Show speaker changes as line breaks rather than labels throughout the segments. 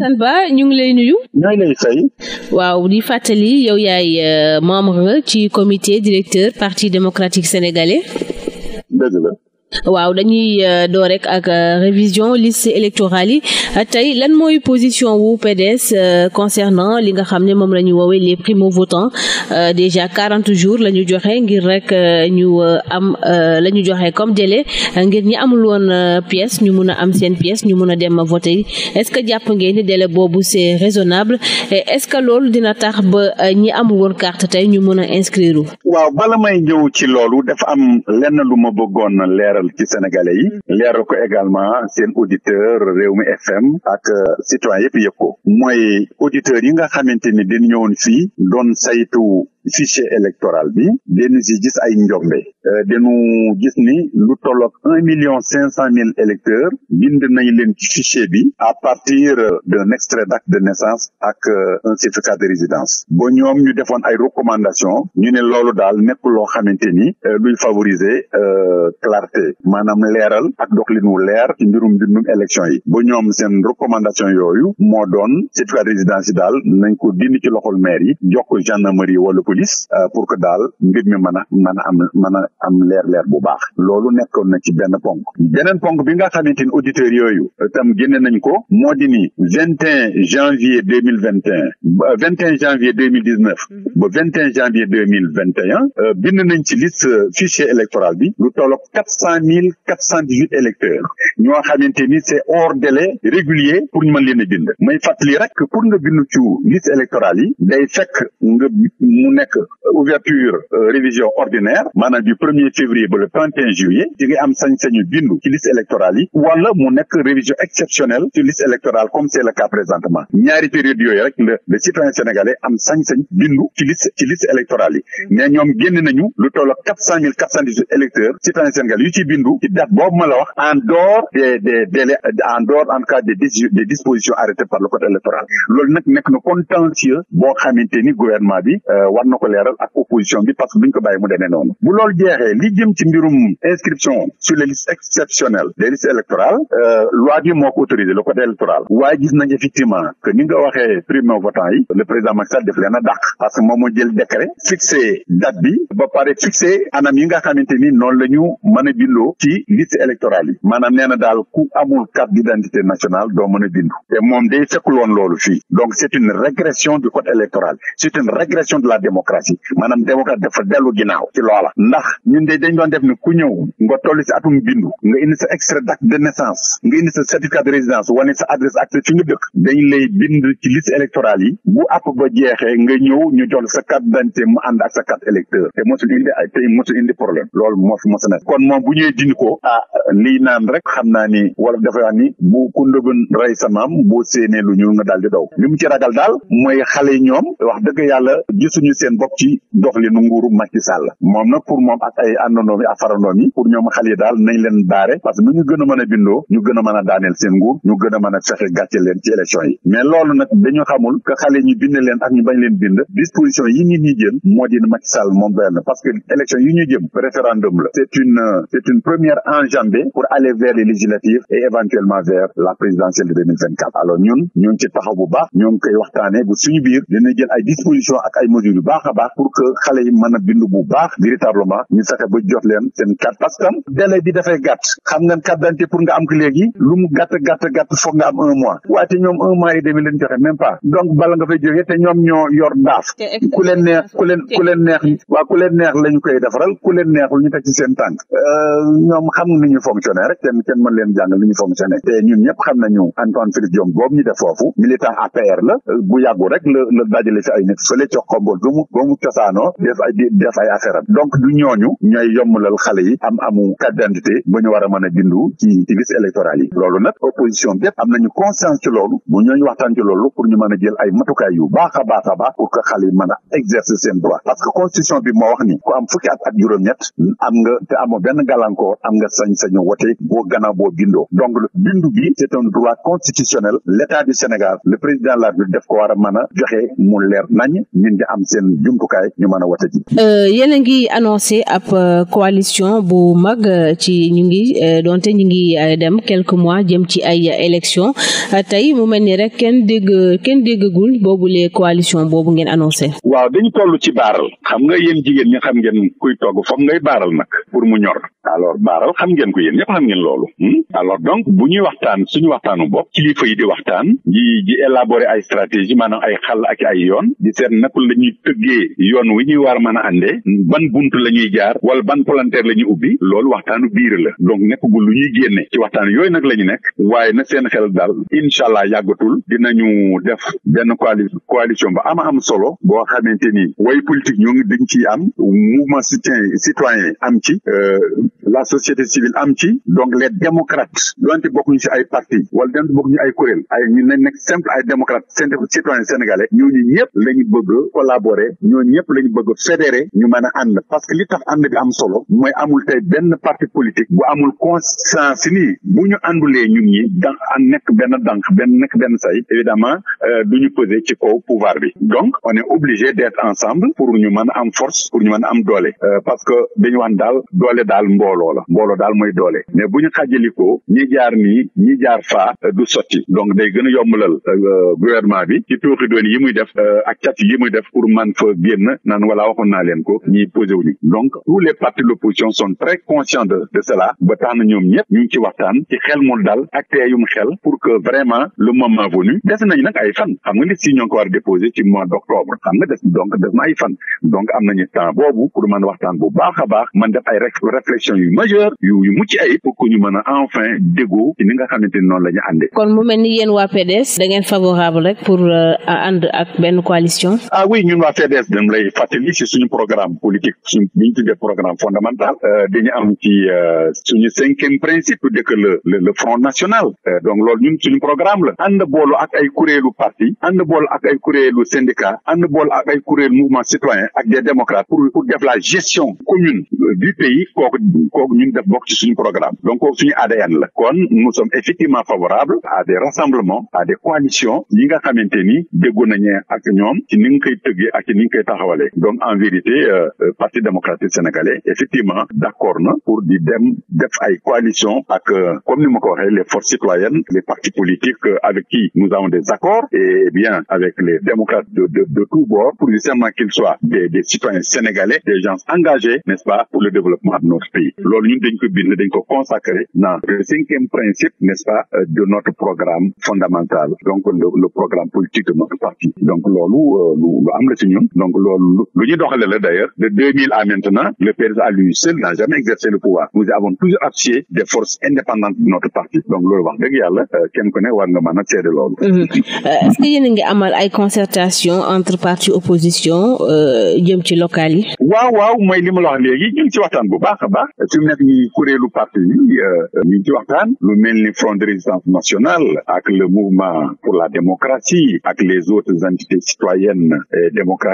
Assane Ba ñu ngi lay nuyu. ñooy lay fay. waaw di fàttali yow yaay euh, membre ci comité directeur parti démocratique sénégalais. waaw dañuy euh, door rek ak euh, révision liste électorale yi euh, tey lan mooy position wu PDS concernant li nga xam ne moom la ñu woowee les primo votants déjà quarante jours la ñu joxe ngir rek ñu am la ñu joxe comme délai ngir ñi amul woon pièce ñu mun a am seen pièce ñu mun a dem voter yi est-ce que jàpp ngeen ni délai boobu c'est raisonnable est-ce que loolu dina tax ba ñi amul woon carte tey ñu mun a inscrire.
waaw bala may ñëw ci loolu dafa am lenn lu ma bëggoon leeral ci sénégalais yi leeral ko également seen auditeur Rewmi FM ak euh, citoyen yëpp yëpp ko mooy auditeurs yi nga xamante ni dañu ñëwoon fii doon saytu fichier électoral bi dañu si gis ay njombe euh, dañu gis ni lu tolloog un million cinq cent mille électeurs bind nañ leen ci fichier bi à partir d'un extrait d'acte de naissance ak euh, un certificat de résidence ba ñoom ñu defoon ay recommandation ñu ne loolu daal nekk loo xamante ni euh, luy favoriser clarté maanaam leeral ak doxalin wu leer ci mbirum mbindum élection yi ba ñoom seen recommandation yooyu moo doon certificat de résidence yi daal nañ ko dindi ci loxol maire yi jox ko police euh, pour que daal mbir mi mën a mën a am mën a am leer leer bu baax loolu nekkoon na ci benn ponk beneen ponk bi nga xamante ni auditeurs yooyu euh, tam génne nañ ko moo di ni vingt et un janvier deux mille vingt et un ba vingt et un janvier deux mille dix neuf mhm. ba mille vingt et un euh, bind nañ ci liste fichier électoral bi lu tolloog quatre cent mille quatre cent dix huit électeurs ñoo xamante ni c'est hors délai régulier pour ñu mën leen a bind may fàttali rek pour nga bindu ci liste électorale yi day fekk nga mu nekk nekk euh, ouverture euh, révision ordinaire maanaam du premier février ba le 31 juillet di nga am sañ-sañu bindu ci liste électorale yi wala mu nekk révision exceptionnelle ci liste électorale ci liste ci yi mais ñoom génn nañu lu toll ak quatre cent mille quatre cent ci bindu ci boobu ma la wax en dehors des des délais en dehors en cas des par le code électoral loolu nag nekk na contentieux boo xamante ni gouvernement bi euh, na ko leeral opposition bi parce que duñ ko bàyyi mu demee noonu bu loolu jeexee li ci mbirum inscription sur les listes exceptionnelles des listes électorales euh, loi bi moo ko autorisé le code électoral waaye gis nañ effectivement que ni nga waxee primo votant yi le président Macky def leen a dàq parce que moom jël décret fixé date bi ba pare fixé anam yi nga xamante ni noonu la ñu a bindoo ci liste électorale yi maanaam nee daal ku amul carte d'identité a démocratie maanaam démocratie dafa dellu ginnaaw ci loola ndax ñun de dañ doon def ne ku ñëw nga toll si atum bindu nga indi sa extrait d'acte de naissance nga indi sa certificat de résidence wane sa adresse ak fi nga dëkk dañ lay bind ci liste électorale yi bu app ba jeexee nga ñëw ñu jox sa carte d'identité mu ànd ak sa carte électeur te mosul indi ay problème loolu mos a kon moom bu ñëwee dindi ko ah lii naan rek xam naa ni wolof dafay wax ni bu kundogun rey sa maam boo séenee lu ñuul nga daal di daw li mu ci ragal seen bopp ci doxalinu nguuru Macky Sall moom nag pour moom ak ay àndandoom yi ak farandoom yi pour ñoom xale daal nañ leen baare parce que nu ñu gën a bindoo ñu gën a daaneel seen nguur ñu gën a mën a fexe leen ci élection yi mais loolu nag dañu xamul que xale ñu bind leen ak ñu bañ leen bind disposition yi nit ñi jël moo di Macky Sall moom benn parce que élection yi ñu jëm référendum la c'est une c'est une première enjambée baax a baax pour que xale yi mën a bindu bu baax véritablement ñu fexe ba jot leen seen carte parce que délai bi dafay gàtt xam ngeen carte d'identité pour nga am ko léegi lu mu gàtt gàtt gàtt foog nga am un mois waaye te ñoom un mois et demi leen joxe même pas donc bala nga fay jógee te ñoom ñoo yor daaf ku leen neex ku leen neex waa koy defaral ku leen neexul ñu teg seen tànk euh, ñoom xam ni ñu fonctionné rek kenn kenn mën leen jàng li ñu te ñun ñëpp xam nañu Antoine Félix mu ba mu def ay def ay affaire am donc du ñooñu ñooy yombalal xale yi am amu carte d'identité ba ñu war a mën a bindu ci ci liste électorale yi loolu nag opposition bépp am nañu conscience ci loolu bu ñooñu waxtaan ci loolu pour ñu mën a jël ay matukaay yu baax a baax a pour que xale yi mën a exercer seen droit parce que constitution bi moo wax ni ku am fukki at ak juróom-ñett am nga te amoo benn gàllankoor am nga sañ-sañu wote boo gannaaw boo bindoo donc bindu bi c'est un droit constitutionnel l'état du Sénégal le président de la République ko war a mën a joxe mu leer nañ ñun ñu am seen yeneen jumtukaay ñu mën a
wote ji. Euh, yéen a ngi annoncé ab euh, coalition bu mag euh, ci ñu ngi donte ñu ngi dem quelques mois jëm ci ay élections tey mu mel ni rek kenn dégg kenn déggagul boobu les coalition boobu ngeen annoncé.
waaw dañu toll ci baaral xam nga yéen jigéen ñu xam ngeen kuy togg foog ngay baaral nag pour mu ñor alors baaral xam ngeen ko yéen ñëpp xam ngeen loolu. Hmm? alors donc bu ñuy waxtaan suñu waxtaanu bopp kilifa yi di waxtaan di di élaborer ay stratégie maanaam ay xàll ay yoon déggee yoon wi ñuy war mën a àndee ban bunt la ñuy jaar wala ban palanteer la ñuy ubbi loolu waxtaanu biir la donc nekkagul lu ñuy génne ci waxtaan yooyu nag la ñu nekk waaye na seen xel daal incha allah yàggatul dinañu def benn coalition coalition ba ama am solo boo xamante ni way politique ñoo ngi dañ ciy am mouvement citoyen am ci euh, la société civile am ci donc les démocrates donte bokkuñu ci ay parti wala donte bokkuñu ay kuréel ay ñu ne nekk simple ay démocrates citoyen sénégalais ñooñu ñëpp la ñu bëgg collaborer doole ñooñu ñëpp lañ bëgg a fédéré ñu mën a ànd parce que li tax ànd bi am solo mooy amul tey benn parti politique bu amul conscience nii bu ñu àndulee ñun ñi dan a nekk benn dànk benn nekk benn say évidemment euh, du ñu peser ci kaw pouvoir bi donc on est obligé d'être ensemble pour ñu mën a am force pour ñu mën a am doole euh, parce que dañu wan daal doole daal mbooloo la mbooloo daal mooy doole mais bu ñu xajalikoo ñi jaar nii ñi jaar faa euh, du sotti donc day gën a yombalal gouvernement bi ci tooxi yi muy def ak cat pour man dafa génn naan wala waxoon naa leen ko ñiy posé wuñu donc tous les partis de l'opposition sont très conscients de cela ba tax ñoom ñëpp ñu ci waxtaan ci xel mu dal ak teeyum xel pour que vraiment le moment venu des nañ nag ay fan xam nga ni si ñoo ko war a ci mois d'octobre xam nga des donc des na fan donc am nañu temps boobu pour mën waxtaan bu baax a baax mën def ay réflexion yu majeure yu yu ay pour que ñu mën a enfin déggoo ci ni nga xamante da ngeen PDS dañ lay fàttali ci suñu programme politique suñ bi ñu tuddee programme fondamental euh, dañu am ci euh, suñu cinquième principe de que le le front national euh, donc loolu ñun suñu programme la ànd boolu ak ay kuréelu parti ànd boolu ak ay kuréelu syndicat ànd boolu ak ay kuréelu mouvement citoyen ak des démocrates pour def la gestion commune du pays kooku ñun def bokk ci suñu programme donc kooku suñu ADN la kon nous sommes effectivement favorables à des rassemblements ni ñu koy taxawalee donc en vérité euh, euh, parti démocratique sénégalais effectivement d'accord na pour di dem def ay coalition ak euh, comme ni ma ko waxee les forces citoyennes les partis politiques avec qui nous avons des accords et bien avec les démocrates de de de pour justement qu'ils soient des des citoyens sénégalais des gens engagés n'est-ce pas pour le développement de notre pays loolu ñun dañ ko bind dañ ko consacrer dans le cinquième principe n'est-ce pas de programme fondamental donc programme politique donc loolu am la ci ñun donc loolu lu ñu doxale la d'ailleurs de 2000 à maintenant le PDS à lui seul n'a jamais exercé le pouvoir nous avons toujours appuyé des forces indépendantes de notre parti donc loolu wax dëgg yàlla euh, kenn ku ne war nga mën a seede loolu
mm-hmm. euh, est-ce que yéen a ngi amal ay concertation entre parti opposition euh, jëm ci local yi
waaw waaw mooy li ma la wax léegi ñu ngi ci waxtaan bu baax a baax su mu nekk ñi kuréelu parti yi ñu ngi ci waxtaan lu mel ni front de résistance ak le mouvement pour la ak les autres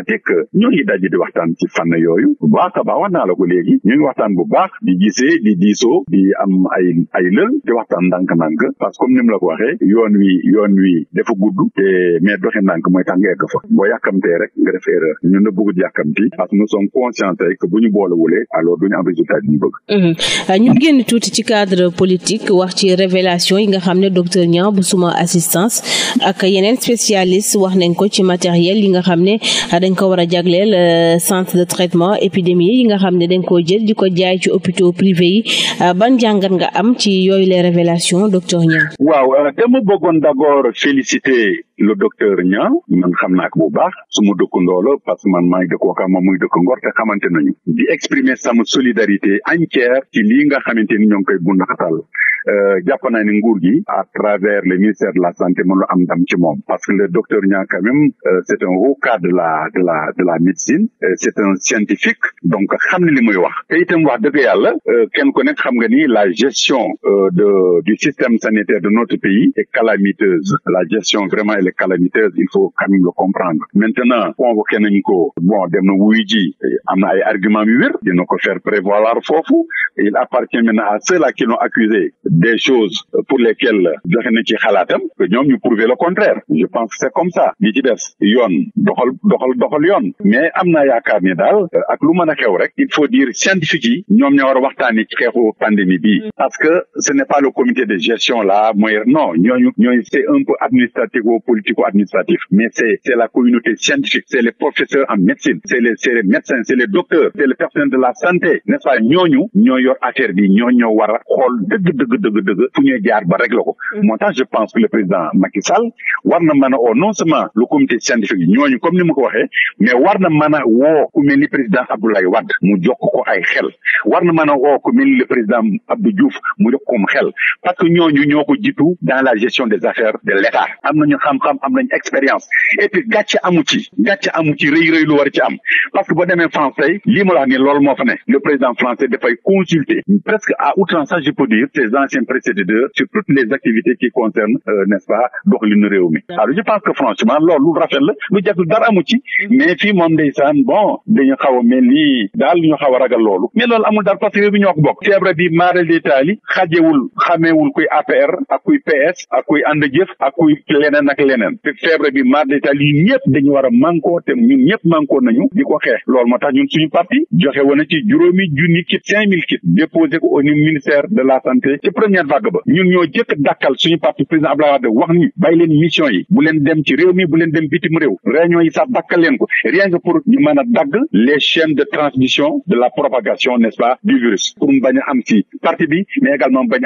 démocratique ñoo ngi daje di waxtaan ci fànn yooyu bu baax a baax wax naa la ko léegi ñu ngi waxtaan bu baax di gisee di diisoo di am ay ay lël di waxtaan ndànk-ndànk parce que comme ni mu la ko waxee yoon wi yoon wi dafa gudd te mais doxe ndànk mooy tax nga egg fa boo yàkkamtee rek nga def erreur ñun na bëggut yàkkamti parce que nous sommes conscients rek bu ñu boolewulee alors duñu am résultat bi ñu bëgg
euh, ñu génn tuuti ci cadre politique wax ci révélation yi nga xam ne docteur Niang bu suma assistance ak yeneen spécialiste wax nañ ko ci matériel yi nga xam dañ ko war a jagleel euh, centre de traitement épidémie yi nga xam ne dañ koo jël di ko jaay ci hôpitaux privés yi euh, ban jàngat nga am ci yooyu les révélations docteur Niang
waaw euh, dama bëggoon d'abord féliciter le docteur Niang man xam naa ko bu baax su mu dëkkandoo la parce que man maa ngi dëkk Ouakam moom muy dëkk Ngor te xamante nañu di exprimer sama solidarité entière ci lii nga xamante ni ñoo ngi koy bund xatal euh, jàpp naa ne nguur gi à travers le ministère de la santé mën lu am ndam ci moom parce que le docteur Niang quand même euh, c' est de la de la la médecine euh, c' est scientifique donc xam na li muy wax te itam wax dëgg yàlla kenn ku nekk xam nga nii la gestion de du système sanitaire de notre pays la gestion vraiment est calamiteuse il faut quand même le comprendre maintenant convoqué nañ ko bon dem na wuyu ji am na ay argument yu wér dina ko faire prévaloir foofu il appartient maintenant à ceux qui l'ont accusé des choses pour lesquelles joxe na ci xalaatam que ñoom ñu le contraire je pense que c'est comme ça li ci des yoon doxal doxal doxal yoon mais am naa yaakaar ni daal ak lu mën a xew rek il faut dire scientifique yi ñoom ñoo a mm. non ñooñu un peu administratif politico mais c'est la communauté scientifique, c'est les professeurs en médecine, c'est les, les c'est les docteurs, c'est le personnel de la santé, nest pas ñooñu ñoo yor affaire bi ñoo ñoo war a xool dëgg dëgg dëgg dëgg fu ñuy jaar ba régler ko mm-hmm. moo je pense que le président Macky Sall war na non seulement le comité scientifique ñooñu comme ni ma ko waxee mais war na mën a woo ku mel ni président Abdoulaye Wade mu jokk ko ay xel war na mën a woo mu jokk ko xel parce que ñooñu ñoo ko jiitu dans la gestion de l'État xam-xam am nañ expérience et puis amu ci gàcce amu ci rëy rëy lu war ci am parce que boo demee France tey lii la wax ni loolu moo fa ne le président français dafay consulter presque à outrance ça je peux dire ses anciens prédécesseurs sur toutes les activités qui concernent euh, n'est-ce pas doxalinu réew mi alors je pense que franchement loolu lu rafet lu jaglu dara amu ci mm-hmm. mais fii moom ndeysaan bon dañu xaw a a ragal loolu mais loolu amul dara parce que bokk leneen te feebre bi mar d'Italie yi ñëpp dañu war a te ñun ñëpp mànkoo nañu di ko xeex loolu moo tax ñun suñu parti joxe woon ci juróomi junni kit cinq mille ko au ministère de la santé ci première vague ba ñun ñoo jëkk dàkkal suñu parti président wax ni bàyyi leen mission yi bu leen dem ci réew mi bu leen dem bitim réew réunion yi sax dàkkal leen ko rien pour ñu a dagg les chaînes de transmission de la propagation n'est-ce pas du virus pour mu a am ci parti bi mais également bañ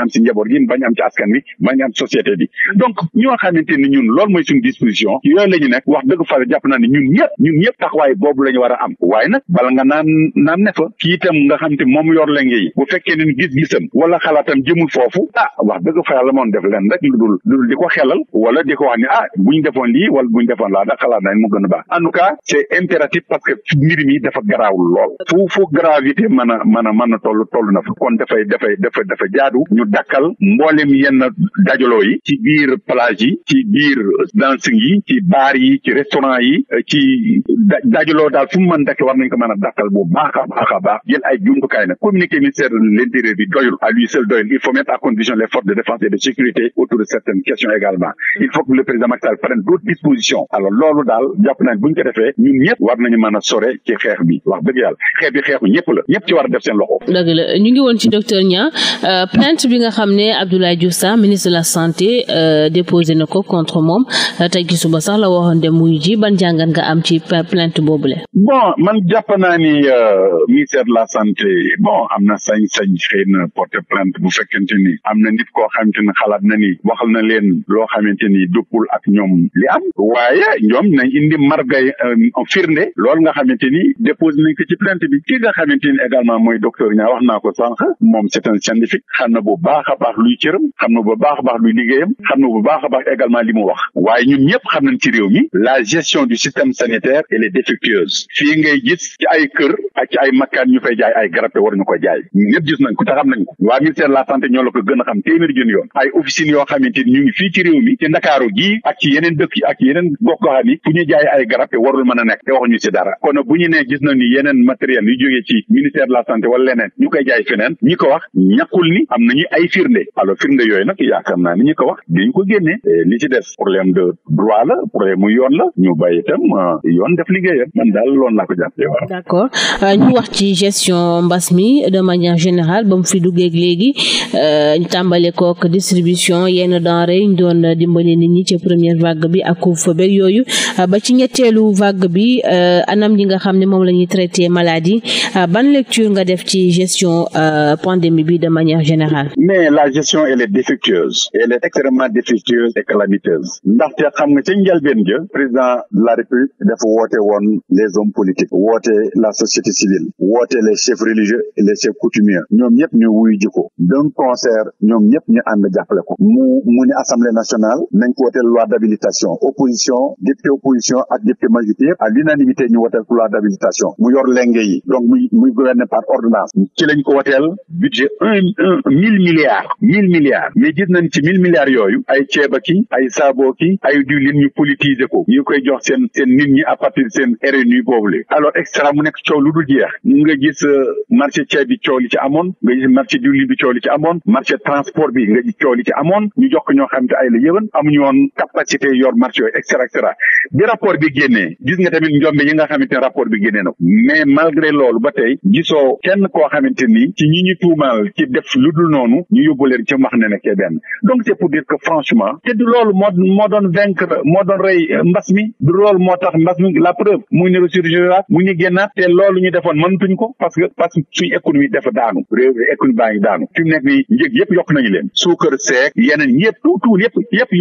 mooy suñu disposition yooyu la ñu nekk wax dëgg fa jàpp naa ne ñun ñëpp ñun ñëpp taxawaay boobu la ñu war a am waaye nag bala nga naan naan ne fa kii itam nga xam te moom yor lenge yi bu fekkee ne gis-gisam wala xalaatam jëmul foofu ah wax dëgg fa yàlla moom def leen rek lu dul lu dul di ko xelal wala di ko wax ni ah buñ defoon lii wala buñ defoon laa da xalaat nañ mu gën a baax en c'est impératif parce que mbir mi dafa garaaw lool fu fu gravité a mën a a dancing yi ci baar yi ci restaurant yi euh, ci dajaloo daal fu mu mën dakk war nañ ko mën a dakkal bu baax a baax a baax jël ay jumtukaay nag communiqué ministère l'intérieur bi doyul à lui seul doyul il faut mettre à condition les forces de défense et de sécurité autour de certaines questions également mm. il faut que le président Macky Sall prenne d'autres dispositions alors loolu daal jàpp nañ buñ ko defee ñun ñëpp war def seen loxo.
dëgg ngi woon ci docteur tey ki sax la waxoon dem muy ji ban jàngat nga am ci plainte boobule.
bon man jàpp naa ni euh, ministère de la santé bon am na sañ-sañ xëy na porter plainte bu fekkente ni am na nit koo xamante ni xalaat na ni waxal na leen loo xamante ni dëppul ak ñoom li am waaye ñoom nañ indi margay euh, firnde loolu nga xamante ni déposé nañ ko ci plainte bi ki nga xamante ni également mooy docteur ñaa wax naa ko sànq moom c'est un scientifique xam na bu baax a baax luy cëram xam na bu baax a baax luy liggéeyam xam na bu baax a baax également li mu wax waaye ñun ñëpp xam nañ ci réew mi la gestion du système sanitaire elle est défectueuse fii ngay gis ci ay kër ak ci ay makkaan ñu fay jaay ay garab te waruñu ko jaay ñëpp gis nañ ko te xam nañ ko waa ministère de la santé ñoo la ko gën a xam téeméeri jën yoon ay officines yoo xamante ñu ngi fii ci réew mi ci ndakaaru gii ak ci yeneen dëkk yi ak ci yeneen gox goxaan yi fu ñu jaay ay garab te warul mën a nekk te waxuñu ci dara kon bu ñu nee gis nañ ni yeneen matériel yu jógee ci ministère de la santé wala leneen ñu koy jaay feneen ñi ko wax ñàkkul ni am nañu ay firnde alors firnde yooyu nag yaakaar naa ni ñi ko wax dañu ko génnee li ci des problème de droit mu yoon la ñu bàyyi itam euh, yoon def liggéeyam man daal loolu laa ko
jàppee ñu wax ci gestion mbas mi de manière générale ba mu fi duggee léegi euh, ñu tàmbale kook distribution yenn denrée yi ñu doon dimbali ni ñi ci première vague bi ak couvre-feu beeg ba ci ñetteelu vague bi euh, anam yi nga xam ne moom lañu ñuy traité maladie euh, ban lecture nga def ci gestion pandémie bi de manière générale. mais la
gestion elle est défectueuse. elle est extrêmement défectueuse et calamiteuse. ndaxte xam nga ci njëlbeen ja président la république dafa woote woon les civile woote les chefs religieux et les chefs coutumiers ñoom ñëpp ñu wuyu ji ko d'un concert ñoom ñëpp ñu ànd jàppale ko mu mu ne assemblée nationale nañ ko woteel loi d'habilitation opposition député opposition ak député majorité à l'unanimité ñu woteel ko loi d'habilitation mu yor lenge yi donc muy muy gouverner par ci lañ ko woteel budget un un mille milliards mille milliards mais gis nañ ci mille milliards yooyu ay ceeba ki ay saabo ki ay diwlin ñu politiser ko ñu koy jox seen seen nit ñi à partir dul jeex nga gis euh, bi coow li ci amoon nga gis marché diwlin bi bi nga gis coow li rapport bi génnee gis nga tamit njombe yi nga xamante rapport bi génnee na mais malgré loolu ba tey gisoo kenn koo xamante ni ci ñi ñu tuumaal ci def lu dul noonu ñu yóbbu leen ci wax ne ne kee benn donc c'est pour dire que franchement te du loolu moo doon vaincre moo doon rey euh, mbas mi du loolu moo tax mbas mi la preuve muy neurochirurgie muy ñu génnaat te loolu ñu defoon mënatuñ ko parce que parce que suñu économie dafa daanu réew économie baa ngi daanu fi nekk nii njëg yëpp yokk nañu leen suukar seek yeneen yëpp tout tout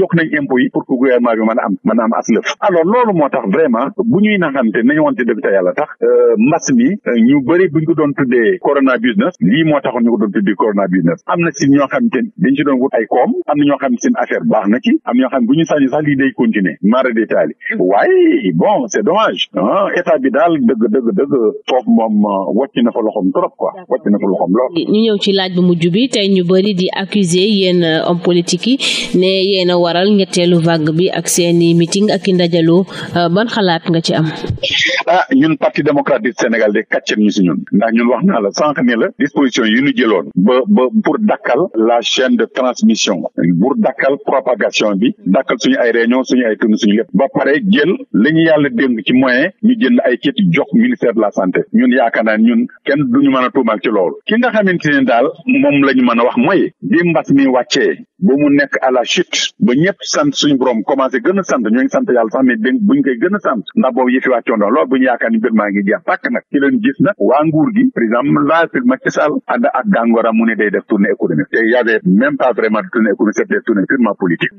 yokk nañu impôts yi pour que gouvernement a am mën a am aslëf alors loolu moo tax vraiment bu ñuy naxante nañu wante dëgg te yàlla euh, mbas mi euh, ñu bëri buñ ko doon tuddee corona business lii moo taxoon ñu ko doon tuddee corona business am na si ñoo xam te dañ si doon wut ay koom am na ñoo xam seen affaire baax moom euh, wàcc na fa loxoom trop ko wàcc na fa loxoom lool.
ñu ñëw ci laaj bu mujj bi tey ñu bëri di accuser yéen euh, homme politique yi ne yéen a waral ñetteelu vague bi ak seeni meeting ak i ndajaloo euh, ban xalaat nga ci am.
ah ñun parti démocratique Sénégal de kàcceel ñu si ñun ndax ñun wax naa la sànq ne la disposition yi ñu jëloon ba ba pour dakkal la chaine de transmission pour dakkal propagation bi dakkal suñu ay réunion suñu ay tournée suñu lépp ba pare jël li ñu yàlla dénk ci moyen ñu jënd ay kit jox ministère la santé ñun yaakaar naa ñun kenn duñu mën a tuumal ci loolu ki nga xamante ne daal moom la ñu mën a wax mooy bi mbas mi wàccee ba mu nekk à la chute ba ñëpp sant suñu borom commencé gën a sant ñoo sant yàlla sax mais dégg buñ koy gën a sant ndax boobu yi fi wàccoon doon loolu mbir maa ngi jeex tàkk nag ki leen gis nag waa nguur gi président laafil Macky Sall ànd ak gàngooram mu ne day def tournée économique te y avait même pas vraiment de tournée économique c'était tournée purement politique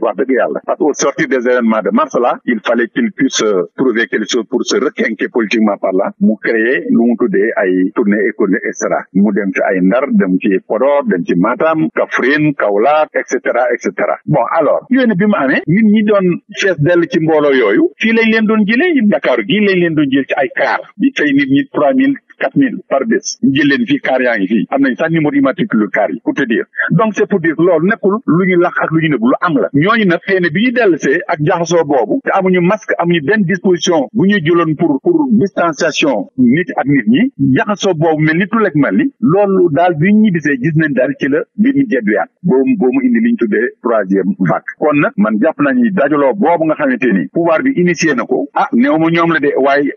mu tuddee ay tournée économique et cetera mu dem ci ay Ndar dem ci Podor dem ci Matam Kaffrine Kaolack et cetera et cetera bon alors yooyu bi mu amee nit ñi doon fees del ci mbooloo yooyu fii lañ leen doon jëlee Dakar gi lañ leen doon jël ci ay car bi fay nit trois mille quatre mille par bés ñu jël leen fii kaar yaa ngi fii am nañ sax numéro immatricule kaar yi pour te dire donc c'est pour dire loolu nekkul lu ñu lax ak lu ñu nëbb lu am la ñooñu nag xëy bi ñu dellusee ak jaxasoo boobu te amuñu masque amuñu benn disposition bu ñuy jëloon pour pour distanciation nit ak nit ñi jaxasoo boobu mel ni tulek mel ni loolu daal bi ñu bisee gis nañ daal ci la mbir mi jedduyaat boobu boobu indi li ñu tuddee troisième vague kon nag man jàpp nañu dajaloo boobu nga xamante ni pouvoir bi initié na ko ah néew ma ñoom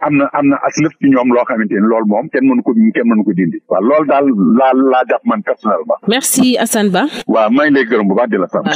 am na am na aslëf ñoom loo xamante ni loolu moom moom kenn mënu ko kenn mënu ko di waaw loolu daal laa laa jàpp man personnellement.
merci Assane Ba. waaw maa ngi
lay gërëm bu baax di la sant.